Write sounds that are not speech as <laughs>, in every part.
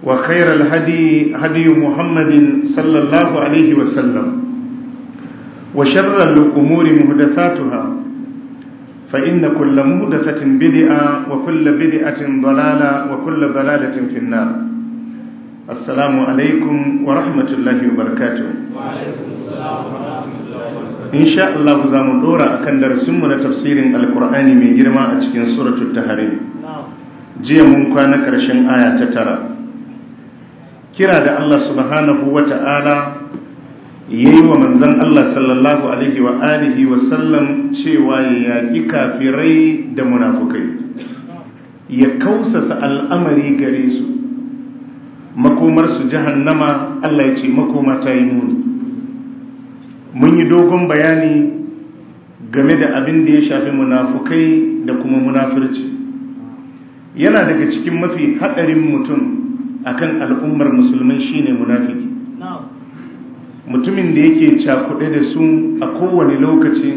وخير الهدي هدي محمد صلى الله عليه وسلم وشر الأمور مهدثاتها فإن كل مهدثة بدئة وكل بدئة ضلالة وكل ضلالة في النار السلام عليكم ورحمة الله وبركاته وعليكم السلام ورحمة الله وبركاته إن شاء الله زام دورا كان درسمنا تفسير القرآن من جرما أتكين سورة التحريم جيمون كان كرشن آية تترى kira da Allah subhanahu wa ta'ala ya yi wa manzan Allah sallallahu Alaihi wa alihi wasallam cewa ya yaƙi kafirai da munafukai ya kausasa al'amari gare su makomarsu jahannama Allah ya ce makoma ta yi muni mun yi dogon bayani game da abin da ya shafi munafukai da kuma munafurci. yana daga cikin mafi haɗarin mutum akan al'ummar musulmai shine munafiki mutumin da yake cakuɗe da su a kowane lokaci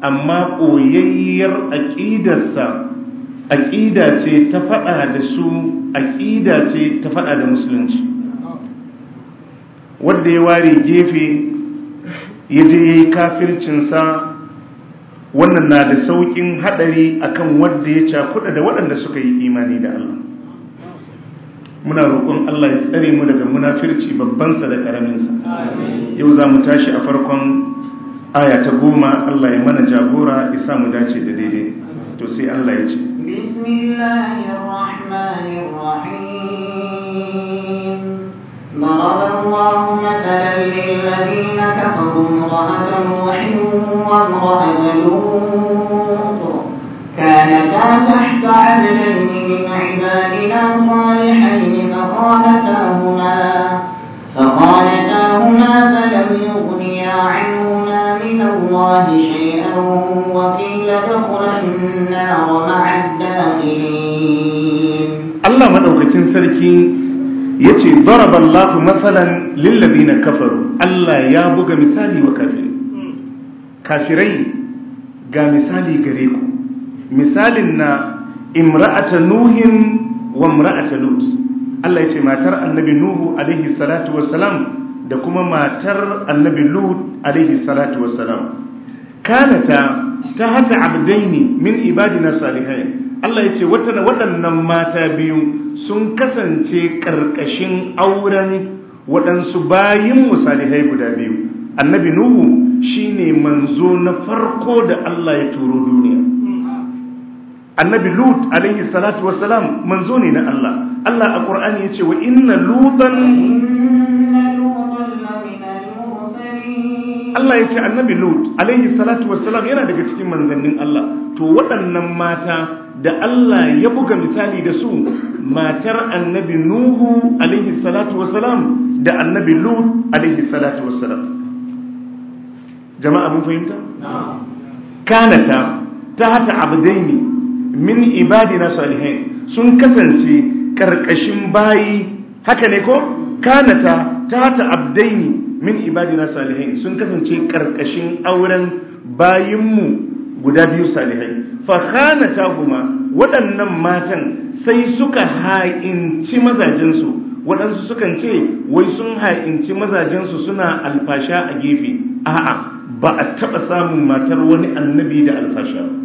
amma koyayyar aƙidarsa aƙida ce ta faɗa da su aƙida ce ta faɗa da musulunci wadda ya ware gefe ya je ya yi kafircinsa wannan na da sauƙin haɗari akan wadda ya cakuɗa da waɗanda suka yi imani da Allah muna roƙon Allah ya tsare mu daga munafirci babbansa da ƙaraminsa yau za mu tashi a farkon aya ta goma Allah ya mana jagora isa mu dace da daidai to sai Allah ya ce bismillahirrahmanirrahim ضرب الله مثلا للذين كفروا امرأة نوح وامرأة لوط كانتا تحت عبدا من عبادنا صالحين فخانتاهما فخانتاهما فلم يغنيا عنهما من الله شيئا وقيل ادخلا النار مع الداخلين الله مدوكتين سلكين yace daraba Allahu masalan lil ladina kafaru ya buga misali wa kafirai kafirai ga misali gare ku misalin na imra'ata nuhin wa imra'ata lut Allah ya ce matar annabi nuhu alaihi salatu wassalam da kuma matar annabi lut alaihi salatu wassalam kanata ta hata abdaini min ibadina salihain Allah ya ce waɗannan mata biyu sun kasance ƙarƙashin auren waɗansu bayin musalihai guda biyu annabi nuhu shine manzo na farko da Allah ya turo duniya annabi lut alayhi salatu wassalam manzo ne na Allah Allah a Qur'ani yace wa inna lutan Allah yace annabi lut alayhi salatu wassalam yana daga cikin manzannin Allah to waɗannan mata da Allah ya buga misali da su matar annabi nuhu alayhi salatu wassalam da annabi lut alayhi salatu wassalam jama'a mun fahimta kanata ta hata abdaini min ibadina salihin sun kasance karkashin bayi haka ne ko kanata ta abdaini min ibadina salihin sun kasance karkashin auren bayinmu guda biyu salihai fa kuma waɗannan matan sai suka ha'inci mazajensu waɗansu sukan ce wai sun ha'inci mazajensu suna alfasha a gefe a'a ba a taɓa samun matar wani annabi da alfasha ba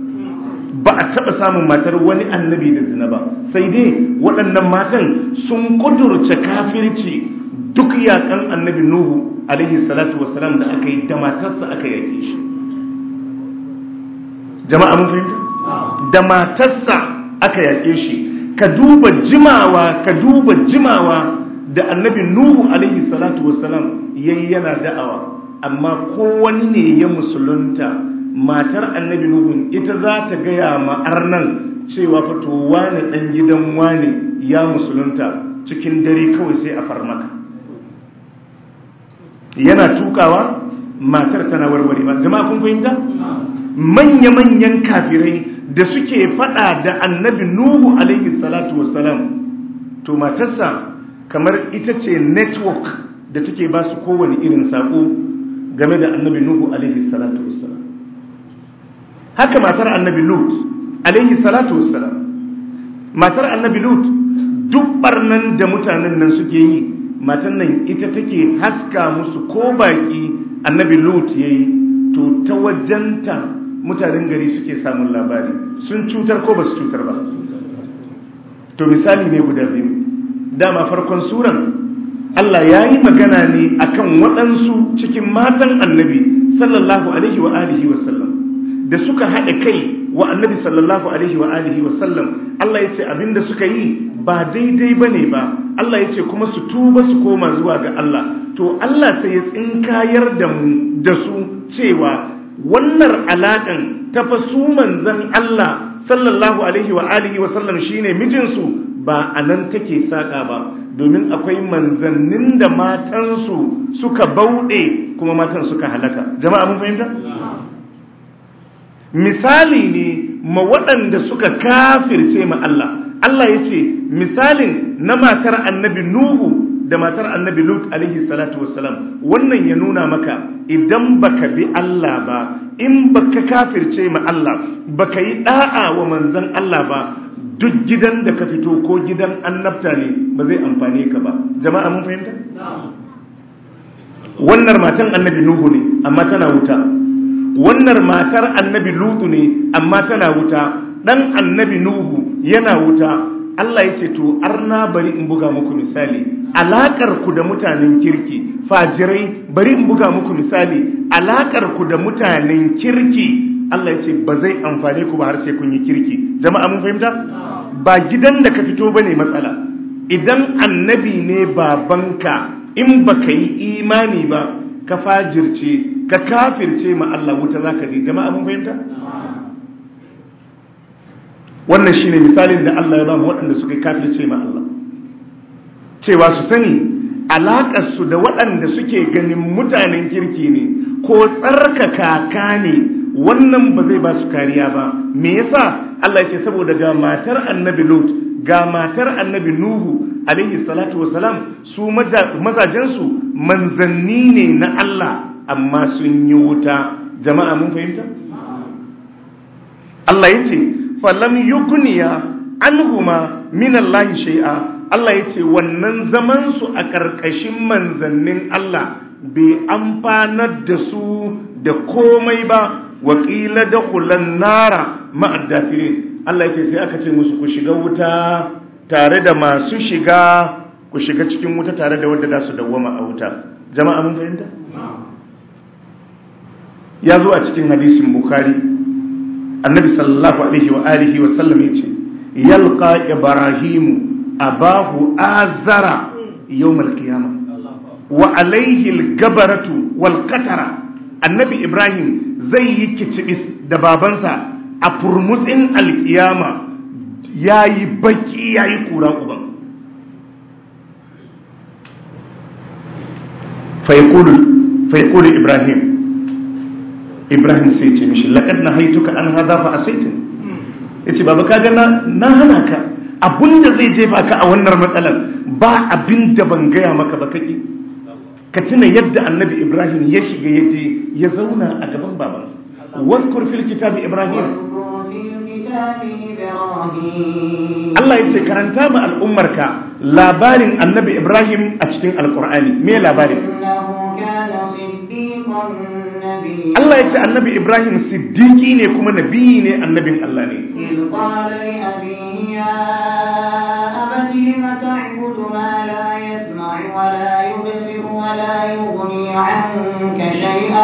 ba a taɓa samun matar wani annabi da zina ba sai dai waɗannan matan sun ƙudurce kafirci duk yakan annabi nuhu alaihi salatu wasalam da aka yi da matarsa aka yake shi jama'a mun fahimta da matarsa aka yake shi ka duba jimawa ka duba jimawa da annabi nuhu alaihi salatu wasalam yayi yana da'awa amma ko wani ne ya musulunta matar annabi nuhu ita za ta gaya ma'ar nan cewa fito wani ɗan gidan wane ya musulunta cikin dare kawai sai a farmaka yana tukawa matar tana warware ba jama'a kun fahimta manya-manyan kafirai da suke fada da annabi nuhu alaihi salatu wassalam to matarsa kamar ita ce network da take ba su kowane irin saƙo game da annabi nuhu alaihi salatu wassalam haka matar annabi lut alaihi salatu wassalam matar annabi lut duk barnan da mutanen nan suke yi matan nan ita take haska musu ko baki annabi lut yayi to ta wajenta mutanen gari suke samun labari sun cutar ko basu cutar ba to misali ne guda biyu dama farkon suran Allah ya yi magana ne akan waɗansu cikin matan annabi sallallahu alaihi wa alihi wasallam da suka haɗa kai wa annabi sallallahu alaihi wa alihi wa sallam Allah yace da suka yi ba daidai bane ba Allah yace kuma su tuba su koma zuwa ga Allah to Allah sai ya tsinkayar da mu da su cewa wannan alaƙan tafasu manzan Allah sallallahu alaihi wa alihi wa sallam shine mijinsu ba anan take saka ba domin akwai manzannin da matansu suka bauɗe kuma matan suka halaka jama'a mun fahimta misali ne ma waɗanda suka kafirce ma Allah Allah ya ce misalin na matar annabi Nuhu da matar annabi Lut alaihi salatu wassalam wannan ya nuna maka idan baka bi Allah ba in baka kafirce ma Allah baka yi da'a wa manzon Allah ba duk gidan da ka fito ko gidan annabta ne ba zai amfane ka ba jama'a mun fahimta wannan matan annabi Nuhu ne amma tana wuta wannan matar annabi lutu ne amma tana wuta dan annabi nuhu yana wuta Allah ya ce to arna bari in buga muku misali alakar ku da mutanen kirki fajirai bari in buga muku misali alakar ku da mutanen kirki Allah ya ce ba zai amfane ku ba har sai kun yi kirki jama'a mun fahimta ba gidan da ka fito bane matsala idan annabi ne babanka in baka yi imani ba ka fajirce ka kafirce ma Allah wuta za ka ji jama'a mun fahimta wannan shi ne misalin da Allah ya ba mu waɗanda suka kafirce ma Allah cewa su sani alaƙarsu da waɗanda suke ganin mutanen kirki ne ko tsarkaka ka ne wannan ba zai ba su kariya ba me yasa Allah ya ce saboda ga matar annabi Lot ga matar annabi Nuhu alaihi salatu wasalam su mazajensu manzanni ne na Allah amma sun yi wuta jama'a mun fahimta Allah yace falam yukuniya anhuma min Allah shay'a Allah ya ce wannan zaman su a ƙarƙashin manzannin Allah bai amfanar da su da komai ba waƙila da kulan nara ma'addafirin Allah ya ce sai aka ce musu ku shiga wuta tare da masu shiga ku shiga cikin wuta tare da wadda za su dawwama a wuta jama'a mun fahimta ya zo a cikin hadisin bukhari annabi sallallahu alaihi wa alihi wa sallam yace yalqa ibrahimu abahu azara yawm alqiyamah wa alaihi gabaratu annabi ibrahim zai yi kicibis da babansa a furmutsin alkiyama ya yi baki ya yi kura uba. faikulu ibrahim ibrahim sai ce mishi laƙad na haituka an haza fa a saitin ya ce babu kaga na hana ka abin da zai jefa ka a wannan matsalar ba abin da ban gaya maka ba kaƙi ka tuna yadda annabi ibrahim ya shiga ya je ya zauna a gaban babansa wadkur fil kitabi ibrahim Allah ya ce karanta ma al'ummarka labarin annabi ibrahim a cikin alƙur'ani me labarin Allah ya ce annabi Ibrahim siddiki ne kuma nabi ne annabin Allah ne.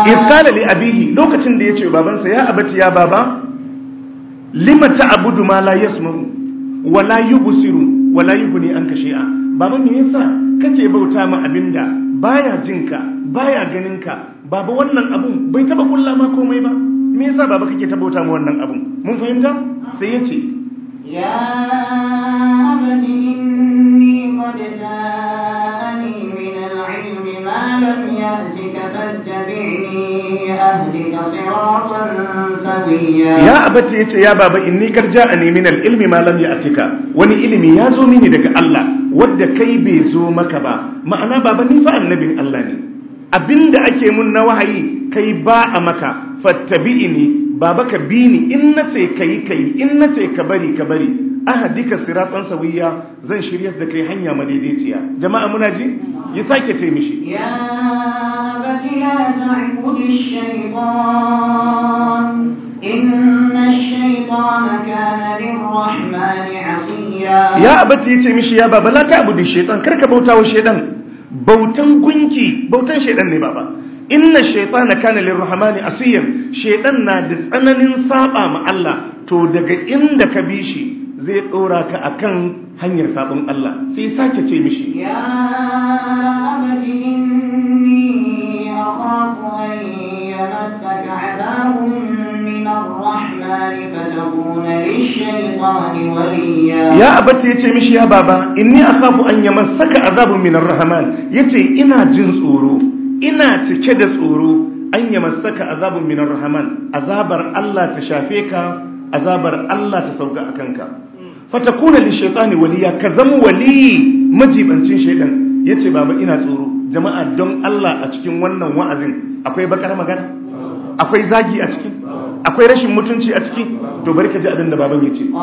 Iskala li abihi lokacin da ya ce babansa ya abaci ya baba, limata abudu ma la yasmu wala ne wala yubuni an kashi'a. Baban me yasa kake bauta ma abinda baya jinka baya ganinka baba wannan abun bai taba kulla ma komai ba me yasa baba kake tabauta mu wannan abun mun fahimta sai yace ya abati inni qad ja'ani min al-'ilmi ma lam ya'tika fattabi'ni ahdika siratan sawiya ya abati yace ya baba inni qad ja'ani min al-'ilmi ma lam ya'tika wani ilimi ya zo mini daga Allah wadda kai bai zo maka ba ma'ana baba ni fa annabin Allah ne abinda ake mun na wahayi kai ba a maka fattabi'ini baba ka bi ni in nace kai kai in nace ka bari ka bari ahadika siratan sawiya zan shiryar da kai hanya madaidaiciya jama'a muna ji ya sake ce mishi ya abati la ta'budi shaytan inna ash-shaytana kana lirrahmani 'asiya ya ya yace mishi ya ba bala ta ta'budu shaitan karka bauta wa shaitan bautan gunki bautan shaitan ne baba inna shaytana kana lirrahmani asiyan shaitan na da tsananin saba ma Allah to daga inda ka bi shi zai dora ka akan hanyar sabon Allah sai sake ce mishi ya ya وليا يا أبتي يتي مشي يا بابا إني masaka أن minar rahaman ya ce ina jin tsoro ina cike da tsoro an yi masaka zabu minar rahaman azabar Allah ta shafe ka azabar Allah ta sauka a kanka Fata kuna li shaitani waliya ka zama wali majibancin Ya ce baba ina tsoro jama'a don Allah a cikin wannan wa'azin akwai bakar magana akwai zagi a cikin akwai rashin mutunci a ciki to bari ka ji abin da baban yace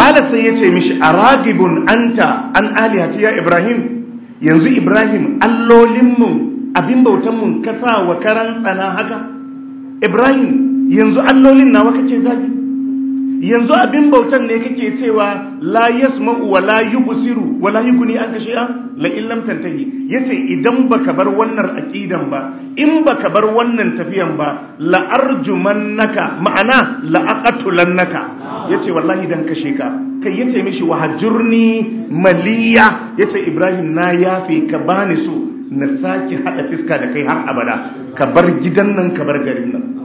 ala sai ya ce mishi a ragibin anta an alihati ya ibrahim yanzu ibrahim allolinmu abin bautanmu kasa wa karan tsana haka ibrahim yanzu allolin nawa kake zagi yanzu abin bautan ne kake cewa la yasma'u wa la yubsiru wa la an kashe shay'a la illam tantahi yace idan baka bar wannan aqidan ba in baka bar wannan tafiyan ba la naka ma'ana la aqatulannaka yace wallahi dan kashe ka kai yace mishi wahajurni maliya yace ibrahim na yafe ka bani so na saki hada fiska da kai har abada ka bar gidan nan ka bar garin nan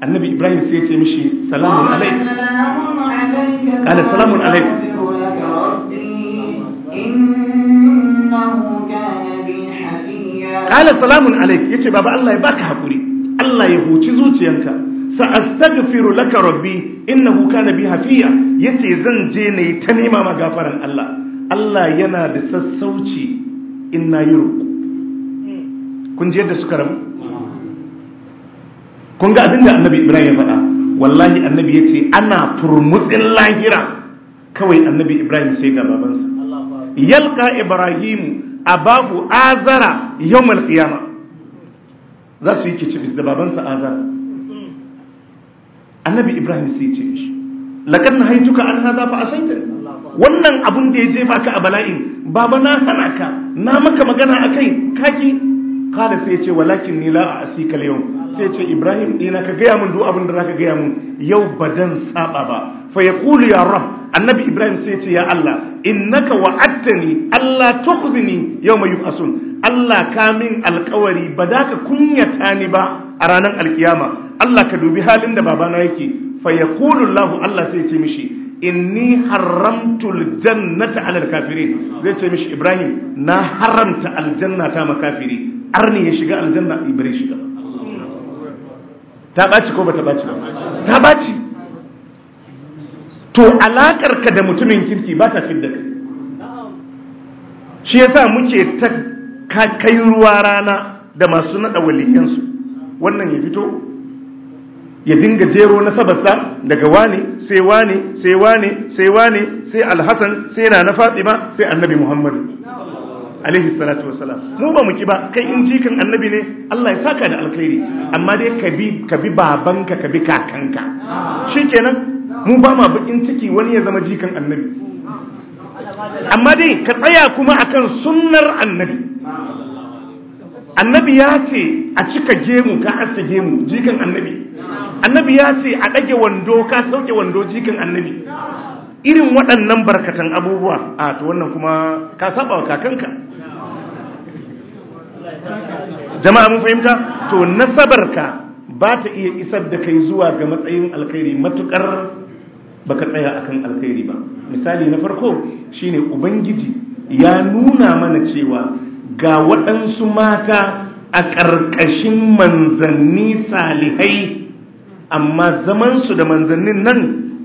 annabi ibrahim sai ya ce mishi salamun alaik kala salamun alaik kala salamun alaik ya ce baba allah ya baka haƙuri allah ya huci zuciyanka sa'astaghfiru laka rabbi innahu kana bi hafiya yace zan je ne ta nema ma gafaran Allah Allah yana da sassauci inna yuru hmm. kun je da suka rabu kun ga abin da annabi ibrahim ya faɗa wallahi annabi ya ce ana furmutsin lahira kawai annabi ibrahim sai ga babansa yalka Ibrahim a babu azara yau malkiyama za su yi cibis da babansa azara annabi ibrahim sai ce shi lakar na haituka an haza fa wannan abun da ya jefa ka a bala'in baba na hana ka na maka magana a akai kaki kada sai ce walakin nila a asikal yau sai ce ibrahim dina ka gaya mun duk abin da ka gaya mun yau ba dan saba ba fa ya ya rab annabi ibrahim sai ce ya allah innaka wa'adtani allah tukhzini yawma yub'asun allah ka min alkawari ba da ka kunyata ni ba a ranar alkiyama allah ka dubi halin da babana yake fa yaqulu allah allah sai ce mishi inni haramtu aljannata alal kafirin zai ce mishi ibrahim na haramta aljannata makafiri arni ya shiga aljanna Ibrahim shiga ta ɓaci ko ba ta ɓaci ta ɓaci to alaƙarka da mutumin kirki ba ta fidda ka shi ya sa muke ta kai ruwa rana da masu naɗa waliyansu wannan ya fito ya dinga jero na sabasa daga wane sai wane sai wane sai wani sai alhassan sai na na fatima sai annabi muhammadu alaihi salatu salam mu ba mu ki ba kai in jikan annabi ne Allah ya saka da alkhairi amma dai ka bi ka bi babanka ka bi kakanka shikenan mu ba ma bakin ciki wani ya zama jikan annabi amma dai ka tsaya kuma akan sunnar annabi annabi ya ce a cika gemu ka aske gemu jikan annabi annabi ya ce a dage wando ka sauke wando jikan annabi irin waɗannan barkatan abubuwa a to wannan kuma ka saba wa kakanka jama'a mun fahimta to nasabarka ba ta iya isar da kai zuwa ga matsayin alkhairi matukar baka tsaya akan alkhairi ba misali na farko shine ubangiji ya nuna mana cewa ga waɗansu mata a ƙarƙashin manzanni salihai amma zamansu da manzannin nan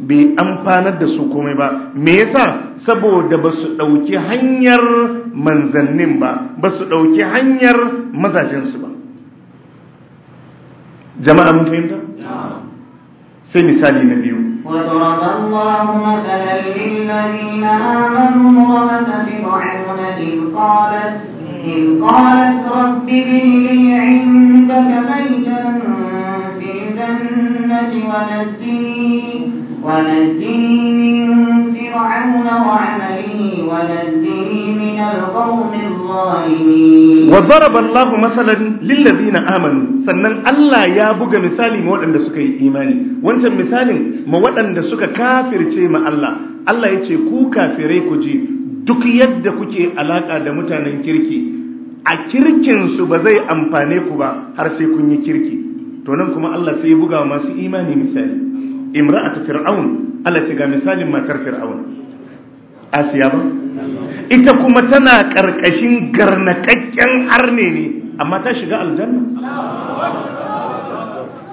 bai amfanar da su komai ba me yasa saboda ba su ɗauki hanyar manzannin ba ba su ɗauki hanyar mazajensu ba jama'a mun fahimta sai misali na biyu وضرب الله مثلا للذين آمنوا امرأة فرعون إذ قالت إذ قالت رب ابن لي عندك بيتا في الجنة ونجني ونجني من فرعون وعمله ونجني من القوم الظالمين وضرب الله مثلا للذين آمنوا sannan Allah ya buga misali ma waɗanda suka yi imani wancan misalin ma waɗanda suka kafirce ma Allah Allah ya ce ku kafirai ku je duk yadda kuke alaƙa da mutanen kirki a kirkinsu ba zai amfane ku ba har sai kun yi kirki to nan kuma Allah sai ya buga masu imani misali imra'atu fir'aun Allah ce ga misalin matar fir'auna asiya ba ita kuma tana karkashin garnakakken arne ne amma ta shiga aljanna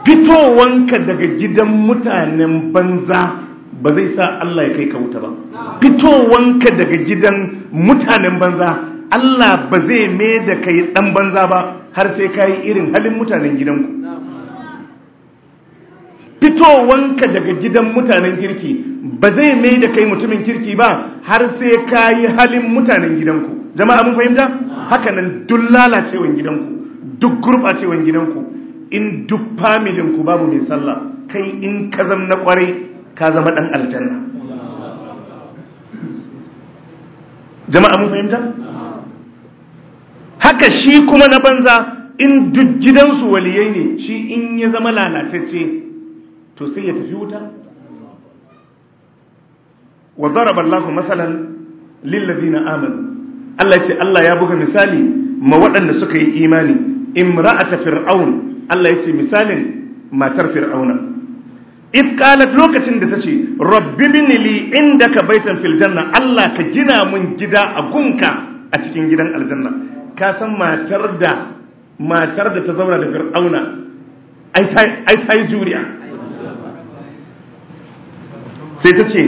fitowanka daga gidan mutanen banza ba zai sa Allah ya kai ka wuta ba fitowanka daga gidan mutanen banza Allah ba zai mai da kai dan banza ba har sai ka yi irin halin mutanen gidanku fitowanka daga gidan mutanen kirki ba zai mai da kai mutumin kirki ba har sai ka yi halin mutanen gidanku jama'a mun fahimta Haka nan, duk lalacewan gidanku duk gurɓacewan gidanku in duk familin babu mai sallah kai in ka zama na kwarai ka zama dan aljanna jama'a mun fahimta haka shi kuma na banza in duk gidansu waliyai ne shi in ya zama lalatacce to sai ya tafi wuta wa daraba Allahu masalan lil ladina amanu Allah ce Allah ya buga misali ma waɗanda suka yi imani imra'ata fir'aun Allah ya ce misalin matar fir'auna id qalat lokacin da tace rabbi bini li indaka baitan fil janna Allah ka gina mun gida a gunka a cikin gidan aljanna ka san matar da matar da ta zauna da fir'auna ai ta yi juriya sai ta ce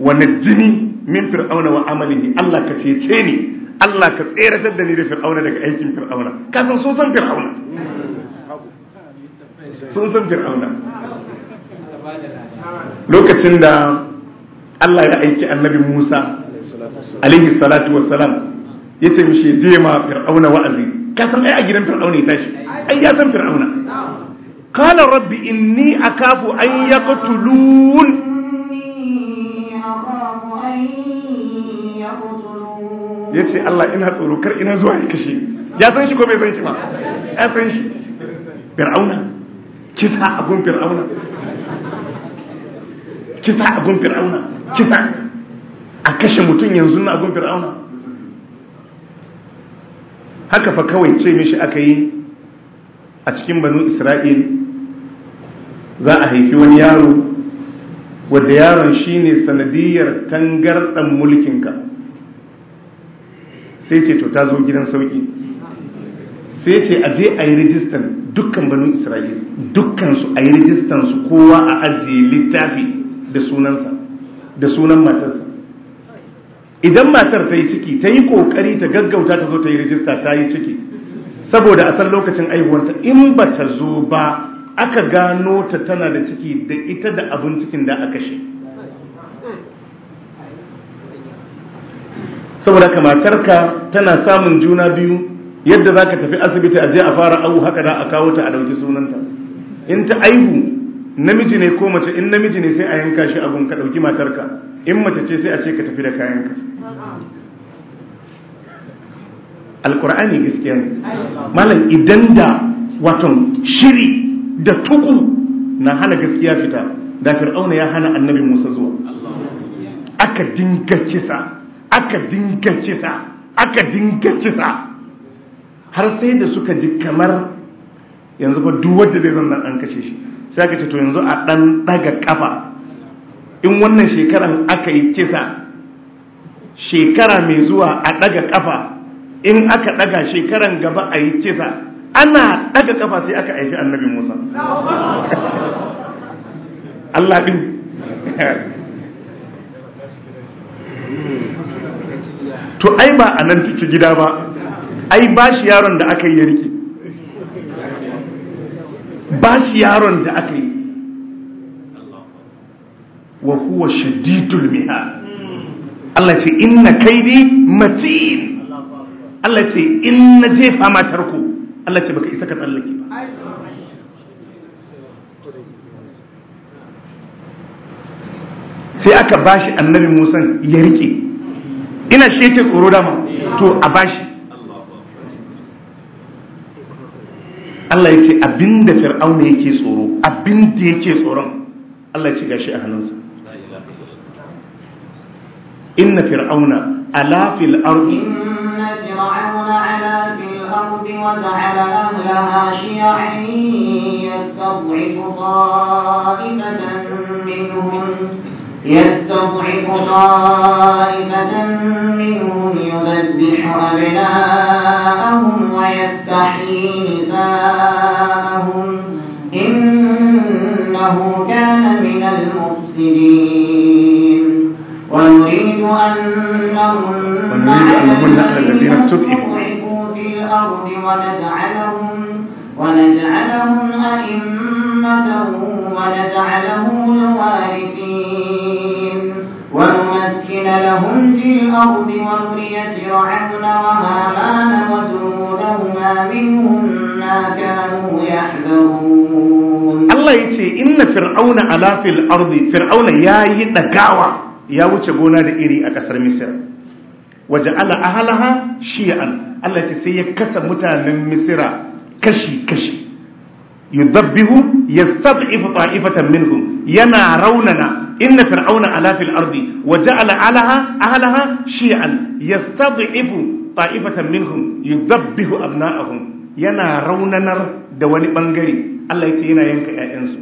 Wani jini min fir'auna wa amalihi Allah ka cece ni Allah ka tseratar da ni da fir'auna daga aikin fir'auna ka san sun san fir'auna sun san fir'auna lokacin da Allah ya aiki annabi Musa alaihi salatu wassalam ya ce mishi je ma fir'auna wa'azi ka san ai a gidan fir'auna ya tashi ai ya san fir'auna qala rabbi inni akafu an yaqtulun ya ce Allah ina tsoro kar ina zuwa ya kashe ya san shi ko bai san shi ba ya san shi fir'auna kisa abun fir'auna kisa abun fir'auna kisa a kashe mutum yanzu na abun fir'auna haka fa kawai ce mishi aka yi a cikin banu isra'il za a haifi wani yaro wadda yaron shine sanadiyar tangardan mulkinka sai ce to ta zo gidan sauki sai ce a je a yi rijistan dukkan banu Isra'il dukkan su a yi rijistan su kowa a ajiye littafi da sunansa da sunan matarsa idan matar ta yi ciki ta yi kokari ta gaggauta ta zo ta yi rijista ta yi ciki saboda a san lokacin aihuwarta in ba ta zo ba aka gano ta tana da ciki da ita da abin cikin da aka shi saboda haka matarka tana samun juna biyu yadda za ka tafi asibiti a je a fara awu haka da a kawo ta a ɗauki sunanta in ta aihu namiji ne ko mace in namiji ne sai a yanka shi abun ka ɗauki matarka in mace ce sai a ce ka tafi da kayan ka. alkur'ani gaskiya ne malam idan da waton shiri da tuku na hana gaskiya fita da fir'auna ya hana annabi musa zuwa aka dinga kisa aka dinga kisa aka dinga kisa har sai da suka ji kamar yanzu ba duk wanda zai zanna an kashe shi sai aka ce to yanzu a dan daga kafa in wannan shekaran aka yi kisa shekara mai zuwa a daga kafa in aka daga shekaran gaba a yi kisa ana daga kafa sai aka aiki annabi Musa <laughs> Allah din to ai ba a nan ci gida ba ai ba shi yaron da aka yi ya rike ba shi yaron da aka yi wa kuwa shadidul miha Allah ce inna kaidi matin Allah ce inna jefa matarku Allah ce baka isa ka tsallake ba sai aka bashi annabi Musa ya rike ina shi yake tsoro dama to a bashi Allah ya ce abinda fir'auna yake tsoro abinda yake tsoron Allah ya ce gashi a hannunsa inna fir'auna ala fil ardi وجعل أهلها شيعا يستضعف طائفة منهم يستضعف طائفة منهم يذبح أبناءهم ويستحيي نساءهم إنه كان من المفسدين ونريد أن الذين استضعفوا في الأرض ونجعلهم ونجعلهم أئمة ونجعلهم الوارثين ونمكن لهم في الأرض ونري فرعون وهامان وجنودهما منهم ما كانوا يحذرون الله يتي إن فرعون على في الأرض فرعون يا يدكاوى يا وجبونا لإيري أكسر مصر وجعل أهلها شيئا Allah يتي sai ya kasa mutanen Misira كشي kashi yudabbihu yastad'ifu ta'ifatan minhum yana raunana inna fir'auna ala fil ardi wa ja'ala alaha ahlaha shi'an yastad'ifu ta'ifatan minhum yudabbihu abna'ahum yana raunanar da wani bangare Allah yace yana yanka ƴaƴansu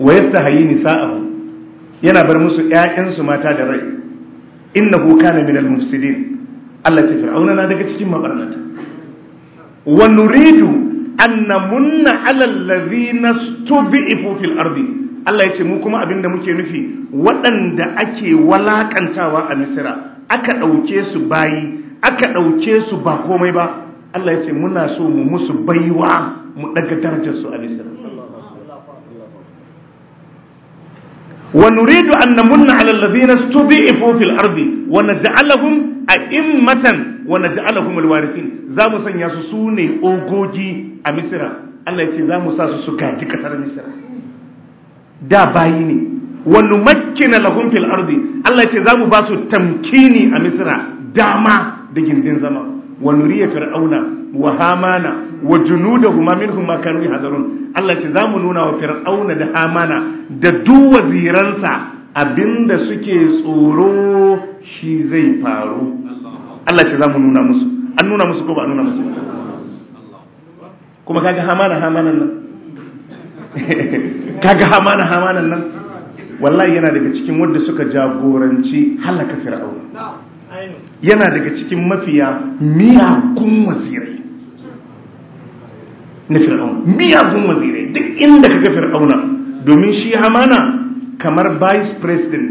wa yastahayi nisa'ahum yana bar musu ƴaƴansu mata da rai innahu na minal mufsidin Allah ce fir'auna daga cikin mabarnata wa nuridu an namunna ala alladhina stubi'u fil ardi Allah ya ce mu kuma abinda muke nufi waɗanda ake walakantawa a misira aka ɗauke su bayi aka ɗauke su ba komai ba Allah ya ce muna so mu musu baiwa mu ɗaga darajarsu a misira wa nuridu an namunna ala alladhina stud'ifu fil ardi wa naj'alahum a'immatan wa naj'alahum alwarithin za mu sanya su sune ogogi a misira Allah ya ce za mu sa su su gaji kasar misira da bayi ne wani makina lahun fil ardi Allah ce za mu ba su tamkini a misira dama da gindin zama wani riya fir'auna wa hamana wa da huma min huma kanu hadarun Allah ce za mu nuna wa fir'auna da hamana da duk waziransa abinda suke tsoro shi zai faru Allah ce za mu nuna musu an nuna musu ko ba a nuna musu kuma kaga hamana hamanan nan kaga hamana hamanan nan wallahi yana daga cikin wanda suka jagoranci halaka fir'auna yana daga cikin mafiya miyagun wazirai na fir'auna miyagun wazirai duk inda kaga fir'auna domin shi hamana kamar vice president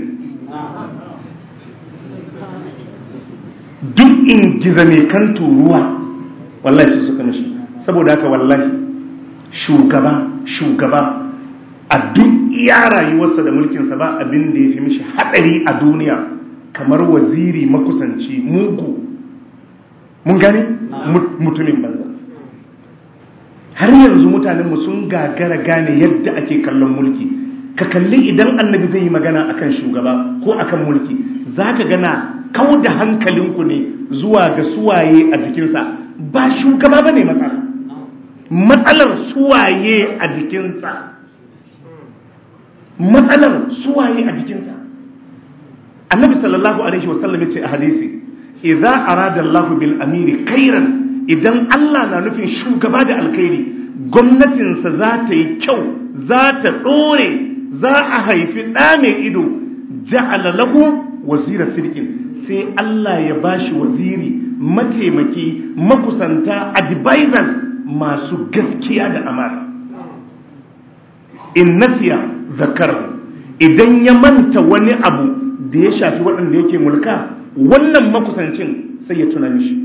duk in giza kan turuwa wallahi su suka mishi saboda haka wallahi shugaba shugaba a duk iya rayuwarsa da mulkinsa ba abin da ya fi mishi haɗari a duniya kamar waziri makusanci mugu mun gani mutumin banza har yanzu mutanenmu sun gagara gane yadda ake kallon mulki ka kalli idan annabi zai yi magana akan shugaba ko akan mulki za ka gana kau da hankalinku ne zuwa ga suwaye a jikinsa ba shugaba ba ne matsalar suwaye a jikinsa matsalar suwaye a jikinsa annabi sallallahu alaihi wasallam yace a hadisi idza arada Allah bil amiri khairan idan Allah na nufin shugaba da alkhairi gwamnatinsa za ta yi kyau za ta dore za a haifi ɗa mai ido ja'ala lahu wazira sirkin sai Allah ya bashi waziri mataimaki makusanta advisors masu gaskiya da amana in nasiya zakar idan ya manta wani abu da ya shafi waɗanda yake mulka wannan makusancin sai ya tuna mishi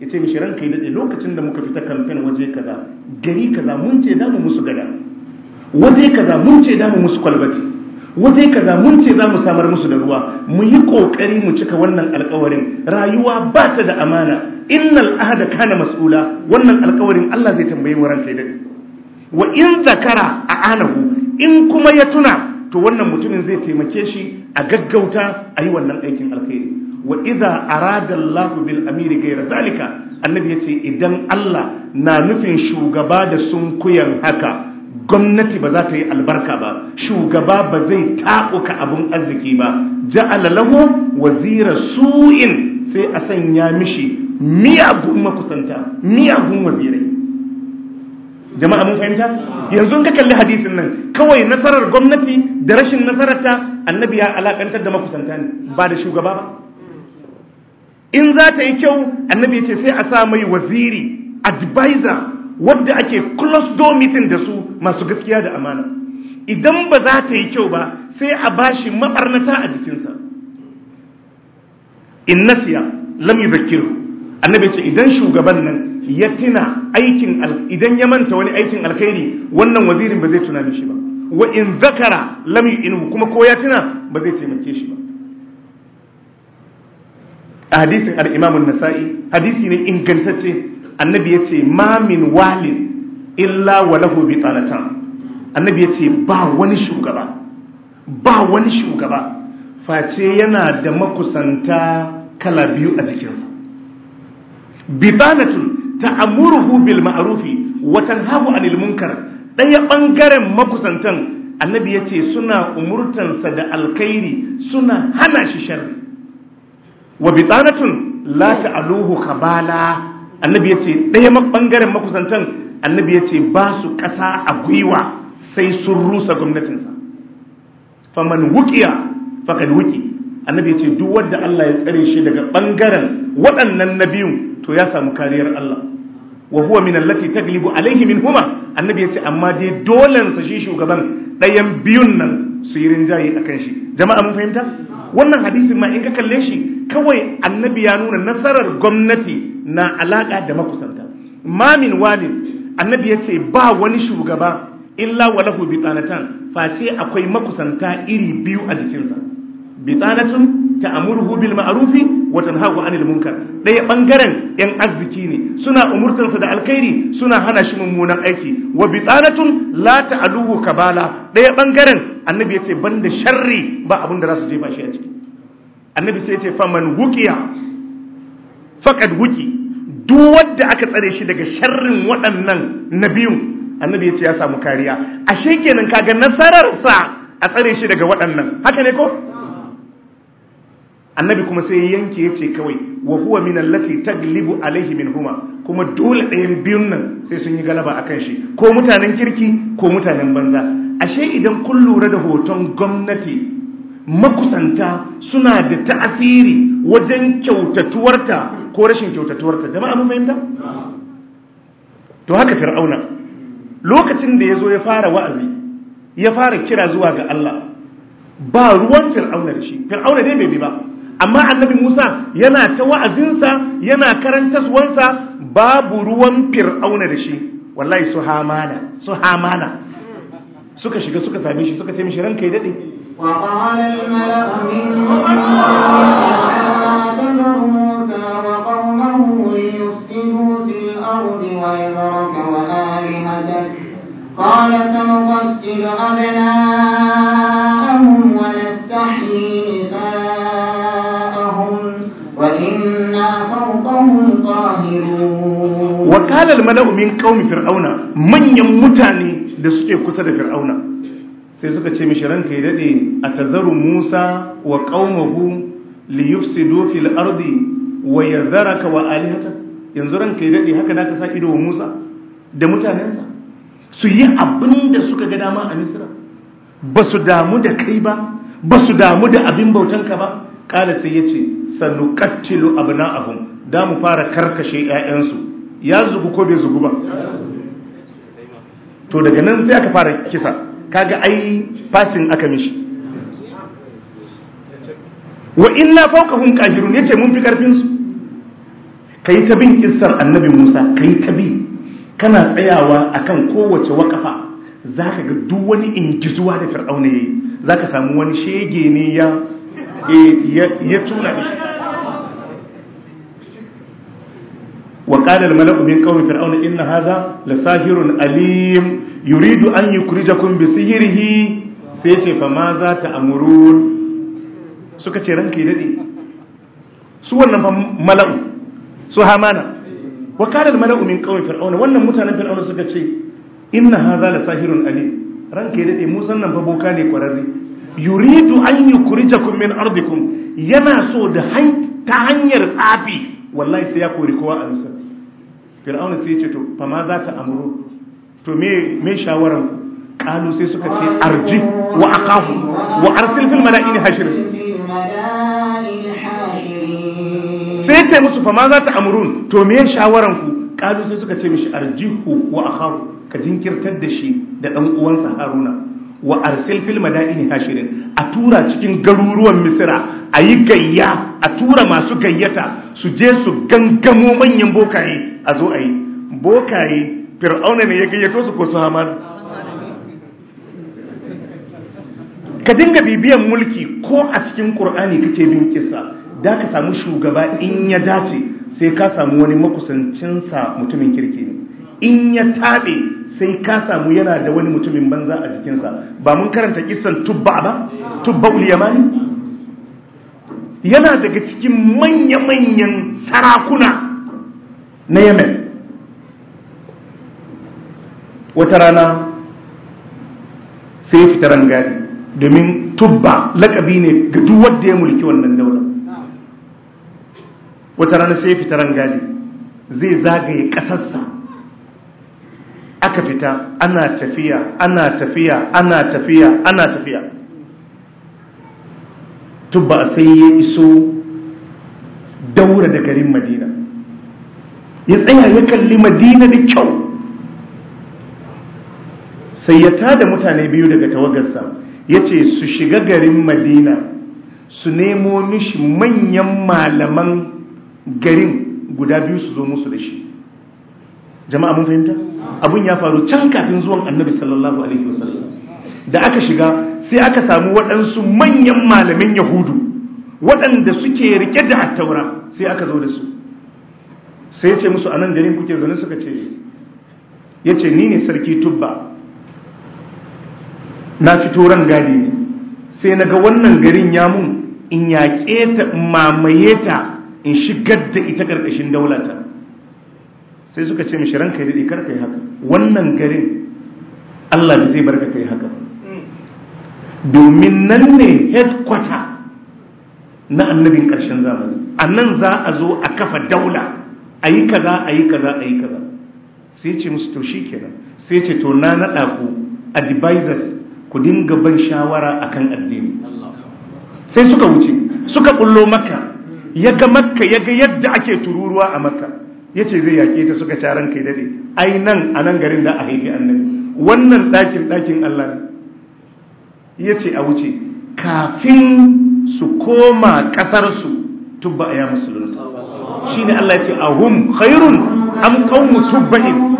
ya ce mishi ranka yi daɗe lokacin da muka fita kamfen waje kaza gari kaza mun ce damu musu gada waje kaza mun ce damu musu kwalbati waje kaza mun ce za mu samar musu da ruwa mu yi ƙoƙari mu cika wannan alƙawarin rayuwa ba ta da amana innal ahada kana mas'ula wannan alƙawarin Allah zai tambaye mu ranka dade wa in zakara a anahu in kuma ya tuna to wannan mutumin zai taimake shi a gaggauta a yi wannan aikin alkhairi wa idza arada Allah bil amiri ghayra zalika annabi yace idan Allah na nufin shugaba da sunkuyan haka gwamnati ba za ta yi albarka ba shugaba ba zai taɓuka abin arziki ba ja'ala lahu wazira su'in sai a sanya mishi miyagun makusanta miyagun wazirai jama'a mun fahimta yanzu ka kalli hadisin nan kawai nasarar gwamnati da rashin nasararta annabi ya alakantar da makusanta ne ba da shugaba ba in za ta yi kyau annabi ya ce sai a sa mai waziri advisor wadda ake close door meeting da su masu gaskiya da amana idan ba za ta yi kyau ba sai a bashi mabarnata a jikinsa in nasiya lam yuzakkiru annabi ce idan shugaban nan ya tina aikin idan ya manta wani aikin alkhairi wannan wazirin ba zai tuna shi ba wa in zakara lam yu'inhu kuma ko ya tuna ba zai taimake shi ba a hadisin al-Imam an-Nasa'i hadisi ne ingantacce annabi yace ma min walin illa lahu bi talatan annabi yace ba wani shugaba ba wani shugaba face yana da makusanta kala biyu a jikinsa bibanatun ta'amuruhu bil ma'rufi wa tanhahu 'anil munkar daya bangaren makusantan annabi yace suna umurtansa da alkhairi suna hana shi sharri wa bitanatun la ta'aluhu khabala annabi yace daya bangaren makusantan annabi yace ba su kasa a gwiwa sai sun rusa gwamnatinsa faman wukiya fakad wuki annabi yace duk wanda Allah ya tsare shi daga bangaren waɗannan nabiyun to ya samu kariyar Allah wa huwa min allati taglibu alaihi min huma annabi yace amma dai dolen sa shi shugaban dayan biyun nan su yi rinjaye akan shi jama'a mun fahimta wannan hadisin ma in ka kalle shi kawai annabi ya nuna nasarar gwamnati na alaka da makusanta mamin walid annabi yace ba wani shugaba illa walahu Fa face akwai makusanta iri biyu a jikinsa bitanatun ta'muruhu bil ma'rufi wa hagu anil munkar Ɗaya bangaren yan arziki ne suna umurtar da alkhairi suna hana shi mummunan aiki wa bitanatun la ta'aluhu kabala Ɗaya bangaren annabi ban da sharri ba abin da za su jefa shi a ciki annabi sai ce faman wuqiya faqad wuqi duk wadda aka tsare shi daga sharrin waɗannan nabiyun annabi ce ya samu kariya ashe kenan kaga nasararsa a tsare shi daga waɗannan haka ne ko annabi kuma sai yanke ce kawai wa huwa min allati taglibu alaihi min huma kuma dole ɗaya biyun nan sai sun yi galaba akan shi ko mutanen kirki ko mutanen banza ashe idan kun lura da hoton gwamnati makusanta suna da ta'asiri wajen kyautatuwarta ko rashin kyautatuwarta jama'a mun fahimta to haka fir'auna lokacin da yazo ya fara wa'azi ya fara kira zuwa ga Allah ba ruwan fir'auna da shi fir'auna dai bai bi ba amma annabi Musa yana ta wa'azinsa yana karantaswansa babu ruwan fir'auna da shi wallahi su hamana su hamana suka shiga suka same shi suka ce mishi ranka ya dade قال سنقتل أبناء kalal mala'u min qaumi fir'auna manyan mutane da suke kusa da fir'auna sai suka ce mishi ranka ya dade tazaru Musa wa qaumuhu li yufsidu fil ardi wa yadharaka wa alihata yanzu ranka ya dade haka naka sa ido wa Musa da mutanensa su yi abin da suka ga dama a Misra ba su damu da kai ba ba su damu da abin bautanka ba kala sai yace sanuqattilu abna'ahum da mu fara karkashe ƴaƴansu. ya zugu ko bai zugu ba to daga nan sai aka fara kisa kaga ai fasin aka mishi wa inna fawqahum qahirun yace mun fi karfin su kai ta bin kissar annabi Musa kai ta bi kana tsayawa akan kowace wakafa zaka ga duk wani ingizuwa da fir'auna yayi zaka samu wani shege ne ya ya tuna shi وقال الملأ من قوم فرعون إن هذا لساحر أليم يريد أن يخرجكم بسحره سيتي فماذا تأمرون suka ce ranka dade su wannan mala'u su hamana wa kana mala'u min qaumi fir'auna wannan mutanen fir'auna suka ce inna hadha la sahirun alim ranka dade mu sannan fa boka ne kwararre yuridu an yukhrijakum min ardikum yana so da ta hanyar tsafi wallahi sai ya kori kowa a misir fir'auna sai ce to fama za ta amuru to me me shawaran kalu sai suka ce arji wa aqahu wa arsil fil mala'in hashir sai ce musu fama za ta amurun to me shawaran ku kalu sai suka ce mishi arjihu wa aqahu ka jinkirtar da shi da dan uwansa haruna wa arsil fil madaini hashirin a tura cikin garuruwan misira a yi gayya a tura masu gayyata su je su gangamo manyan bokaye a zo a yi bokaye fir'auna ne ya gayyato su ko su hamar ka dinga bibiyan mulki ko a cikin ƙur'ani kake bin kisa da ka samu shugaba in ya dace sai ka samu wani makusancinsa mutumin kirki ne in ya taɓe sai ka samu yana da wani mutumin banza a jikinsa ba mun karanta kisan tubba ba tubba uliyamani yana daga cikin manya-manyan sarakuna na yemen wata rana sai fita rangadi domin tubba lakabi ne ga duk wanda ya mulki wannan daular wata rana sai fita rangadi zai zagaye ƙasarsa aka fita ana tafiya ana tafiya ana tafiya ana tafiya tubba sai ya iso daura da garin madina ya tsaya ya kalli madina da kyau sai ya tada mutane biyu daga tawagarsa ya ce su shiga garin madina su nemo mishi manyan malaman garin guda biyu su zo musu da shi jama'a mun fahimta abun ya faru can kafin zuwan annabi sallallahu alaihi wasallam da aka shiga sai aka samu waɗansu manyan malamin yahudu waɗanda suke rike da attaura sai aka zo da su sai ce musu anan garin kuke zane suka ce ya ce ni ne sarki tubba na fito ran gadi ne sai na ga wannan garin ya mun in ya keta mamaye ta in shigar da ita ƙarƙashin daulata sai suka ce mishi ranka yi daɗi karka yi haka wannan garin Allah da zai barka yi haka domin nan ne headquarter na annabin ƙarshen zamani a nan za a zo a kafa daula a yi kaza a yi kaza a yi kaza sai ce musu to shi kenan sai ce to na naɗa ku advisors ku dinga ban shawara a kan addini sai suka wuce suka kullo maka, ya ga makka ya ga yadda ake tururuwa a makka ya ce zai yaƙe ta suka caran kai daɗe ai nan a nan garin da a haifi annabi wannan ɗakin ɗakin allah ya ce a wuce kafin su koma ƙasarsu tubba ya musulunta shi ne Allah ce a hun khairun kawo ƙaunmu tubba'in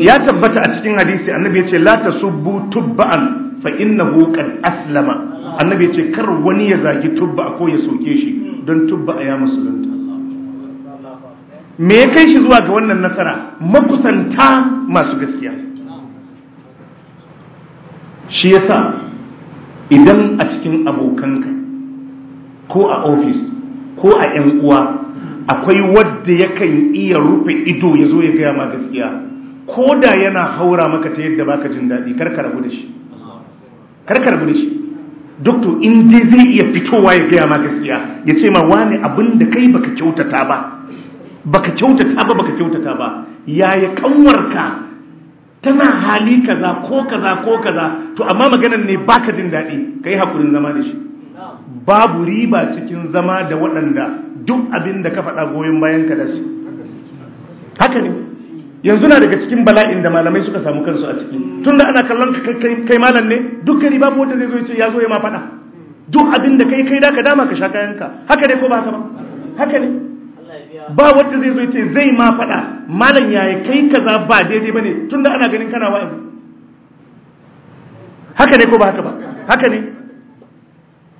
ya tabbata a cikin hadisi annabi ya ce su tasubbu tubba'an fa innahu qad aslama annabi ya ce kar wani ya zagi tubba ko ya soke shi don tubba ya musulunta me ya kai shi zuwa ga wannan nasara makusanta masu gaskiya shi yasa idan a cikin abokanka ko a ofis ko a 'yan uwa akwai wadda yakan iya rufe ido ya zo ya gaya ma gaskiya ko da yana haura maka ta yadda baka jin daɗi karkar rabu da shi karkar rabu da shi doktor in zai iya fitowa ya gaya ma gaskiya ya ce ma wani abin da kai baka kyautata ba baka kyautata ba baka kyautata ba yaya kanwarka tana hali kaza ko kaza ko kaza to amma maganar ne baka jin daɗi ka yi haƙurin zama da shi babu riba cikin zama da waɗanda duk abin da ka faɗa goyon bayan ka da su haka ne yanzu na daga cikin bala'in da malamai suka samu kansu a ciki tun da ana kallon ka kai malam ne duk kari babu wata zai zo ya ce ya zo ya ma faɗa duk abin da kai kai da ka dama ka sha kayanka haka ne ko ba haka ba haka ne ba wanda zai zo ce zai ma faɗa malam yaya kai kaza ba daidai bane tunda ana ganin kana wa'azi haka ne ko ba haka ba haka ne